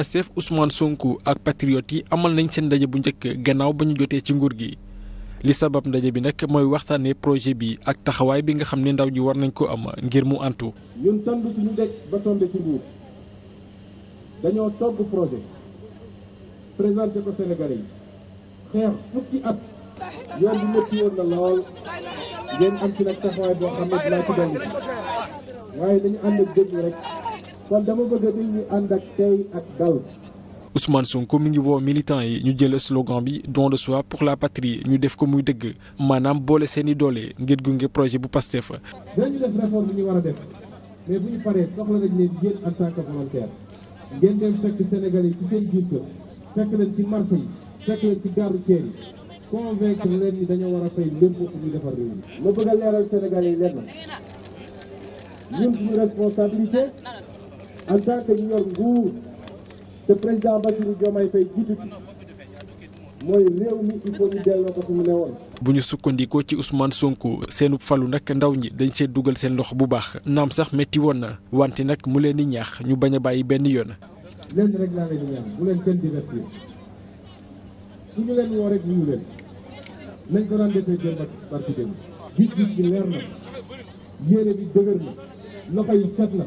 Pastef Ousmane sunk ak patriote yi amal nañ seen ndaje bu njëkk gannaaw ba ñu jotee ci nguur gi li sabab ndaje bi nag mooy waxtaanee projet bi ak taxawaay bi nga xam ne ndaw ji war nañ ko am ngir mu antu. ñun tànn suñu dëj ba tombe ci nguur dañoo togg projet présenté ko Sénégalais yi xeex fukki at yoon bu métti woon na lool ngeen am ci nag taxawaay boo xam ne dinaa ci dolli waaye dañu ànd ak dëgg rek. kon dama bëgg nit ñi ànd ak tey ak dal. Ousmane Sonko mi ngi woo militant yi ñu jël slogan bi don de soi pour la patrie ñu def ko muy dëgg maanaam boole seen i doole ngir gunge projet bu Pastef. dinañu def réforme bi ñu war a def mais bu ñu paree soxla nañ leen yéen en volontaire ngeen dem fekk Sénégalais yi ci seen biir fekk leen ci marché fekk leen ci gare routière yi convaincre leen ni dañoo war a fay lépp pour ñu defar réew ma bëgg leeral Sénégalais yi en tant yor nguur te président Bassirou Diomaye Faye jiitu ci mooy réew mi il faut ñu delloo ko fi mu ne woon bu ñu sukkandikoo ci usmaan Sonko seenu falu nag ndaw ñi dañ see dugal seen loxo bu baax naam sax metti woon na wante nag mu leen di ñaax ñu bañ a bàyyi benn yoon. nañ ko daan defee jëm barki dem gis-gis leer na yére bi dëgër na loxo yi set na.